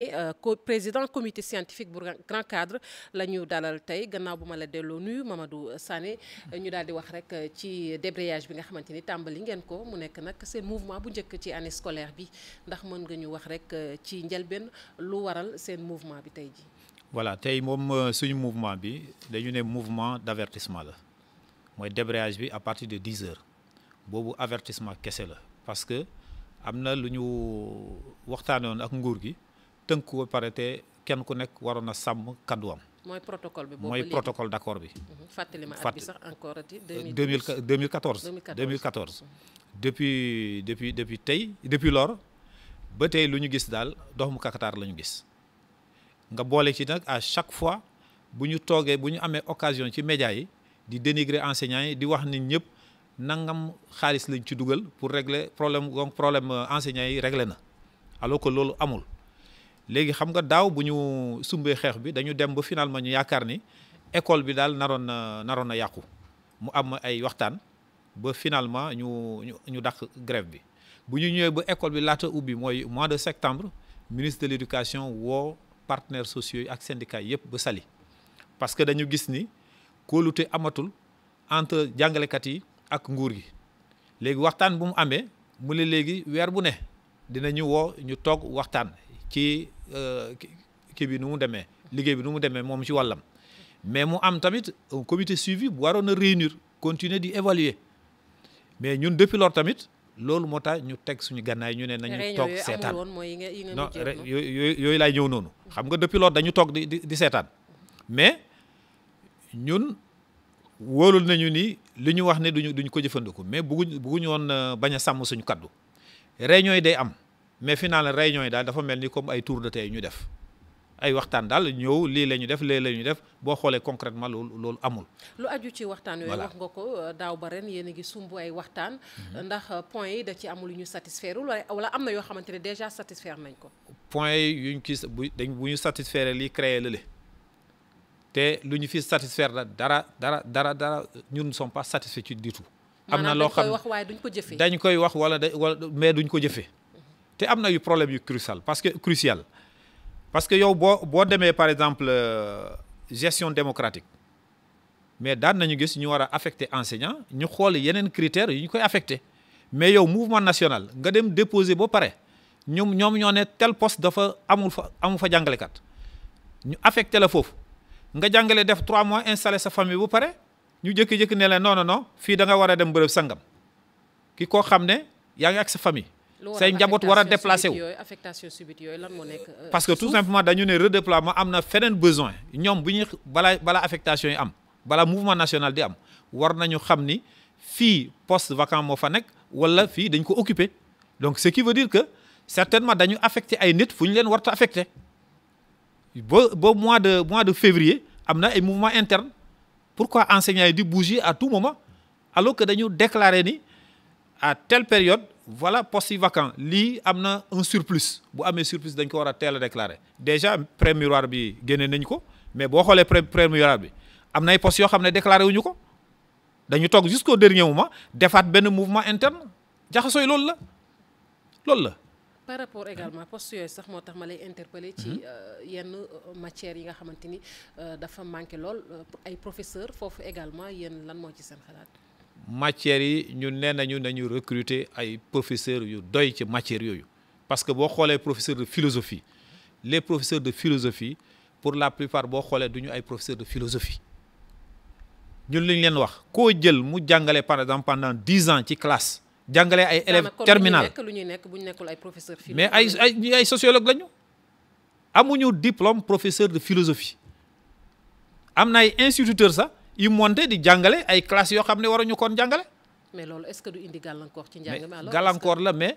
Euh, co président comité scientifique bu grand cadre la ñu dalal tey gannaaw bu ma la delloo nuyu Mamadou Sané ñu daal di wax rek euh, ci débrayage bi nga xamante ni tàmbali ngeen ko mu nekk nag seen mouvement bu njëkk ci année scolaire bi ndax mën nga ñu wax rek euh, ci njëlbeen lu waral seen mouvement bi tey ji voilà tey moom suñu mouvement bi dañu ne mouvement d' avertissement la mooy débrayage bi à partir de 10 heures boobu avertissement kese la parce que am na lu ñu waxtaanoon ak nguur gi tënku ba pare te kenn ku nekk waroon na sàmm kadduwam. mooy protocole bi mooy protocole d'accord bi. Mhm. fàttali ma at bi sax encore ati. 2014 2014 2014. depuis depuis depuis tey depuis lors ba tey lu ñu gis daal doxum kakataar lañu gis nga boole ci nag à chaque fois bu ñu toogee bu ñu amee occasion ci médias yi di dénigrer enseignants yi di wax nit ñëpp nangam xaalis lañ ci dugal pour régler problème donc problème euh, enseignants yi réglé na alors ko loolu amul. léegi xam nga daaw bu ñu sumbee xeex bi dañu dem ba finalement ñu yaakaar ni école bi daal naroon na naroon na yàqu mu am ay waxtaan ba finalement ñu ñu ñu dàq bi bu ñu ñëwee ba école bi laata ubbi mooy mois de septembre ministre de l'éducation woo partenaires sociaux yi ak syndicats yëpp ba sali parce que dañu gis ni kóolute amatul entre jàngalekat yi ak nguur gi léegi waxtaan bu mu amee mu ne léegi weer bu ne dinañu woo ñu toog waxtaan ci euh, kii bi nu mu demee liggéey bi nu mu demee moom ci wàllam mais mu am tamit un comité suivi bu waroon a réunir continuer di évaluer mais ñun depuis lors tamit loolu moo tax ñu teg suñu gànnaay ñu ne nañu toog seetaan non yooyu yooyu laay ñëw noonu xam nga depuis lors dañu toog di di seetaan mais ñun wóolul nañu ni li ñu wax ne duñu duñu ko jëfandiku mais bugguñ bugguñu woon euh, bañ a sàmm suñu kaddu réunion yi day am mais final réunion yi daal dafa mel ni comme ay tour de tey ñu def ay waxtaan daal ñëw lii la ñu def lee la def boo xoolee concrètement loolu loolu amul. lu aju ci waxtaan yooyu wax nga ko daaw ba ren yéen a ngi sumb ay waxtaan. Mhm. ndax point yi da ci amul yu ñu satisfaire wala am na yoo xamante ne déjà satisfaire nañ ko. point yi yuñ ci bu dañ bu ñu satisfaire lii créé lële te lu ñu fi satisfaire la dara dara dara dara ñun ne sommes pas satisfaits du tout. am na loo xam dañ koy wax waaye duñ ko jëfee. dañ koy wax wala da wala mais duñ ko jëfee. te am na yu problème yu crucial parce que crucial parce que yow boo boo demee par exemple euh, gestion démocratique mais daan nañu gis ñu war a affecté enseignant ñu xool yeneen critères yu ñu koy affecté mais yow mouvement national nga dem déposer ba pare ñoom ñoom ñoo ne tel poste dafa amul fa amul fa jàngalekat ñu affecté la foofu nga jàngale def trois mois installé sa famille bu pare ñu jékki-jékki ne la non non non fii danga nga war a dem bërëb sangam ki koo xam ne yaa ngi ak sa famille say njaboot war a déplacé wu affectation subite yooyu lan moo nekk euh, parce que tout simplement dañu ne redéploiement am na feneen besoin ñoom bu ñuy balaa balaa affectation yi am balaa mouvement national di am war nañu xam ni fii poste vacant moo fa nekk wala fii dañ ko occuper donc ce qui veut dire que certainement dañu affecté ay nit fu ñu leen warta affecté ba bo mois de mois de février am na ay mouvement interne pourquoi enseignants yi di bouger à tout moment alors que dañu déclarer ni à telle période voilà poste yu vacant lii am na un surplus bu amee surplus dañ ko war a teel a déclarer déjà pré bi génne nañ ko mais boo xoolee pré pré bi am na ay postes yoo xam ne déclaré wuñu ko dañu toog jusqu'au dernier moment defaat benn mouvement interne jaxasooy loolu la loolu la. par rapport également poste yooyu sax moo tax ma lay interpeller ci mhm. euh, yenn euh, matières yi nga xamante ni euh, dafa manqué lool ay professeurs foofu également yéen lan moo ci seen xalaat. matières yi ñu nee nañu nañu recruter ay professeurs yu doy ci matières yooyu parce que boo xoolee professeur de philosophie les professeurs de philosophie pour la plupart boo xoolee du ñu ay professeurs de philosophie ñun li ñu leen wax koo jël mu jàngale par exemple pendant dix ans ci classe jàngale ay élèves terminale lu ñuy nekk bu ñu nekkul ay professeurs mais ay ay ay sociologue lañu amuñu diplôme professeur de philosophie am na ay instituteurs sax yu monté di jàngale ay classes yoo xam ne waruñu koon jàngale. mais loolu est-ce que indi gàllankoor ci njàng mi alors la mais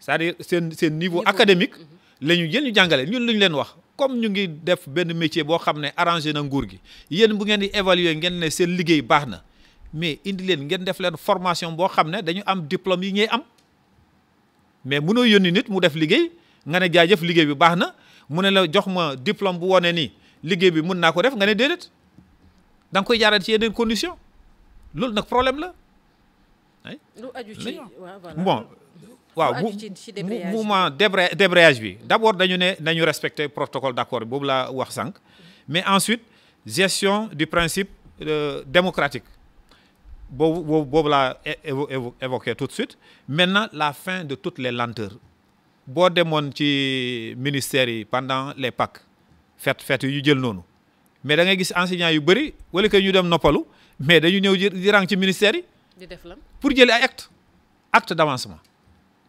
cest à seen seen niveau académique mhm. la ñu jël ñu jàngale ñun lu ñu leen wax comme ñu ngi def benn métier boo xam ne arrangé na nguur gi yéen bu ngeen di évaluer ngeen ne seen liggéey baax na mais indi leen ngeen def leen formation boo xam ne dañu am diplôme yi ngay am mais mënoo yónni nit mu def liggéey nga ne jaajëf liggéey bi baax na mu ne la jox ma diplôme bu wone nii liggéey bi mën naa ko def nga ne déedéet da nga koy jaarale ci yeneen condition loolu nag problème la. lu waaw ci bon waaw mouvement débrayage bi d' abord dañu ne nañu respecter protocole d' boobu laa wax sànq mais ensuite gestion du principe euh, démocratique boobu boobu laa évoqué tout de suite maintenant la fin de toutes les lanteurs boo demoon ci ministères yi pendant les Pâques fête fête yu jël noonu mais da ngay gis enseignants yu bëri wala que ñu dem noppalu mais dañu ñëw di rang ci ministère yi. di def lan pour jëlee ay acte acte d' avancement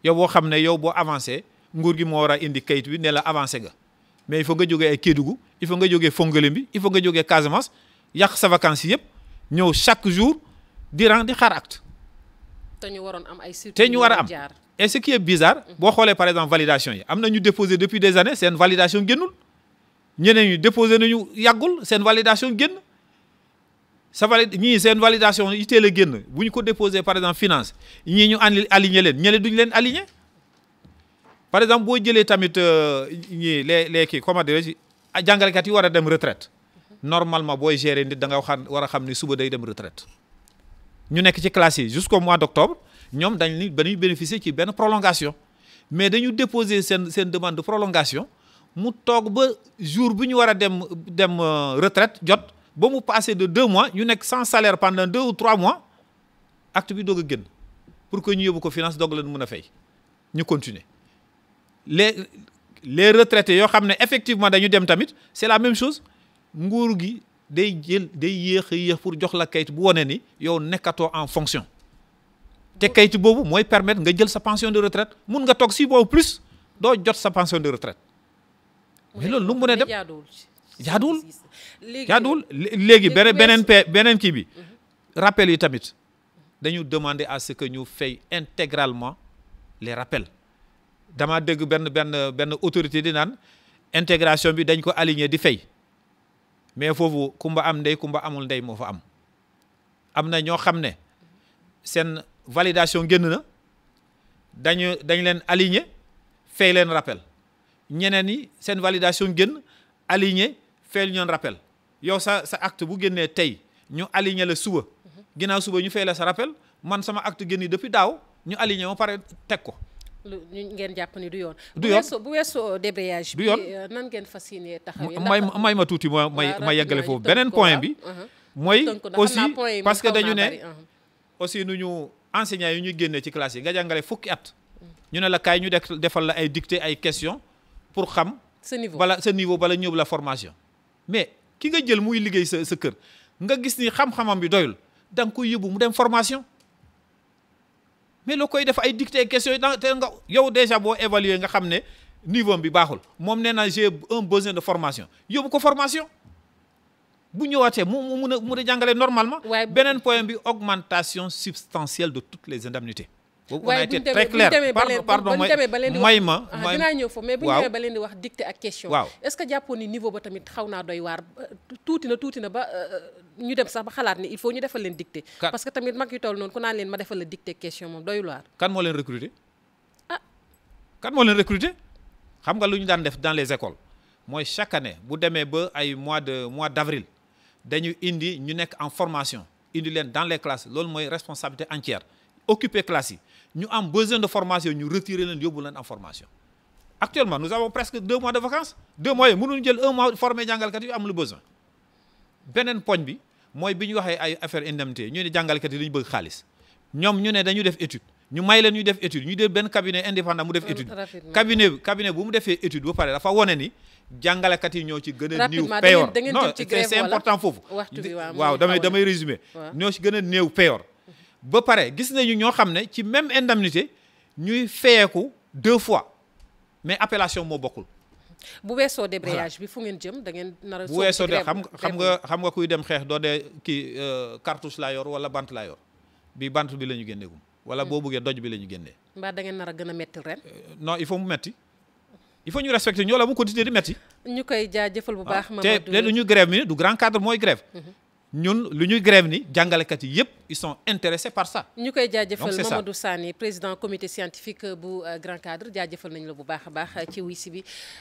yow boo xam ne yow boo avancé nguur gi moo war a indi kayit bi ne la avancé nga mais il faut nga jógee ay Kédougou il faut nga jógee Fongolimbi il faut nga jógee Casamance yàq sa vacances yëpp ñëw chaque jour di rang di xaar acte. te ñu waroon am ay ñu war a am et ce qui est bizarre. boo xoolee par exemple validation yi am na ñu déposé depuis des seen validation génnul. ñeneen ñu déposé ñu yàggul seen validation génn sa valide ñii seen validation yi teel a génn bu ñu ko déposé par exemple finance ñii ñu an aligné leen ñële duñ leen aligné par exemple boo jëlee tamit euh, ñii les les kii comment dirais-je ah, jàngalekat yi war a dem retraite normalement booy gérer nit da nga xam war a xam ne suba day dem retraite ñu nekk ci classe yi jusqu'au mois d'octobre ñoom dañ ni dañuy bénéficier ci benn prolongation mais dañu déposé seen seen demande de prolongation mu toog ba jour bu ñu war a dem dem euh, retraite jot ba mu passé de deux mois ñu nekk sans salaire pendant deux ou trois mois acte bi doog a génn pour que ñu yóbbu ko finance doog leen mun a fay ñu continuer les les retraités yoo xam ne effectivement dañu dem tamit c'est la même chose nguur gi day jël day yéex a yéex pour jox la kayit bu wone ni yow nekkatoo en fonction te kayit boobu mooy permetre nga jël sa pension de retraite mun nga toog six boo plus doo jot sa pension de retraite mais loolu lu mu mën a def jaaduwul jaaduwul léegi beneen beneen pe beneen kii bi mhm. rappel yi tamit dañu demander à ce que ñu fay intégralement les rappels dama dégg benn benn benn autorité di naan intégration bi dañ ko aligné di fay mais foofu kumba am ndey kumba amul ndey moo fa am am na ñoo xam ne seen validation génn na dañu dañ leen aligné fay leen rappel ñeneen yi seen validation génn aligné fayal ñoon rappel yow sa sa acte bu génnee tey ñu aligné la suba ginnaaw suba ñu fay la sa rappel man sama acte génn yi depuis daaw ñu aligné ma pare teg ko. lu ngeen jàpp ni du yoon. du yoon bu weesoo euh, débrayage bi euh, nan ngeen fas yéenee taxawee may may ma tuuti ma may ma yeggale foofu beneen point ah. bi. Uh-huh. mooy aussi parce que dañu ne. Uh-huh. aussi nu ñu enseignants yi ñuy génnee ci classe yi nga jàngale fukki at. Mm. ñu ne la kaay ñu defal la ay dictée ay question pour xam. sa niveau bala sa niveau bala ñëw la formation. mais ki nga jël muy liggéey sa sa kër nga gis ni xam-xamam bi doyul danga koy yóbbu mu dem formation. mais loo koy def ay dictée questions yi te nga yow déjà boo évaluer nga xam ne niveau bi baaxul moom nee na j'ai un besoin de formation yóbbu ko formation. bu ñëwaatee mu mu mun a mun a jàngale normalement. beneen point bi augmentation substantielle de toutes les indemnités. boobu on a été très clair pardon pardon may ma ah, dinaa ñëw foofu mais bu ñu demee ba leen di wax dicté ak question waaw est-ce que jàppoon ni niveau ba tamit xaw naa doy waar euh, tuuti na tuuti na ba euh, ñu dem sax ba xalaat ni il faut ñu defal leen dicté parce que tamit mag yu toll noonu ku naan leen ma defal la dicté question moom doyul waar kan moo leen recruter ah kan moo leen recruter xam nga lu ñu daan def dans les écoles mooy chaque année bu demee ba ay mois de mois d'avril dañu indi ñu nekk en formation indi leen dans les loolu mooy responsabilité entière occuper classe yi ñu am besoin de formation ñu retirer leen yóbbu leen formation actuellement nous avons presque deux mois de vacances deux mois yi mënuñu jël un mois former jàngalkat yi am lu besoin beneen poñ bi mooy bi ñu waxee ay affaire indemnité ñu ne jàngalkat yi dañu bëgg xaalis ñoom ñu ne dañu def étude ñu may leen ñu def étude ñu def benn cabinet indépendant mu def étude cabinet cabinet bu mu defee étude ba pare dafa wane ni jàngalekat yi ñoo ci gën a néew payor non c'est important waaw damay damay résumer ñoo ci gën a néew payor ba pare gis nañu ñoo xam ne ci même indemnité ñuy feyeeku deux fois mais appellation moo bokkul. bu weesoo débrayage bi fu ngeen jëm da ngeen nar a. bu weesoo de xam xam nga xam nga kuy dem xeex doo dee kii euh, cartouche laa yor wala bant laa yor bi bant bi la ñu génneegum. wala hmm. boo buggee doj bi la ñu génnee. mbaa da ngeen nar gën a metti ren. Euh, non il faut mu metti il faut ñu respecter ñoo la mu continuer di metti. ñu koy jaajëfal bu ah. baax. Mamadou te du ñu grève mi du grand cadre mooy grève. Mm-hmm. ñun lu ñu grève ni jàngalekat yi yëpp ils sont intéressés par ça. ñu koy jaajëfal Mamadou Sané président comité scientifique bu euh, Grand Cadre jaajëfal nañu la bu baax a baax ci wuy bi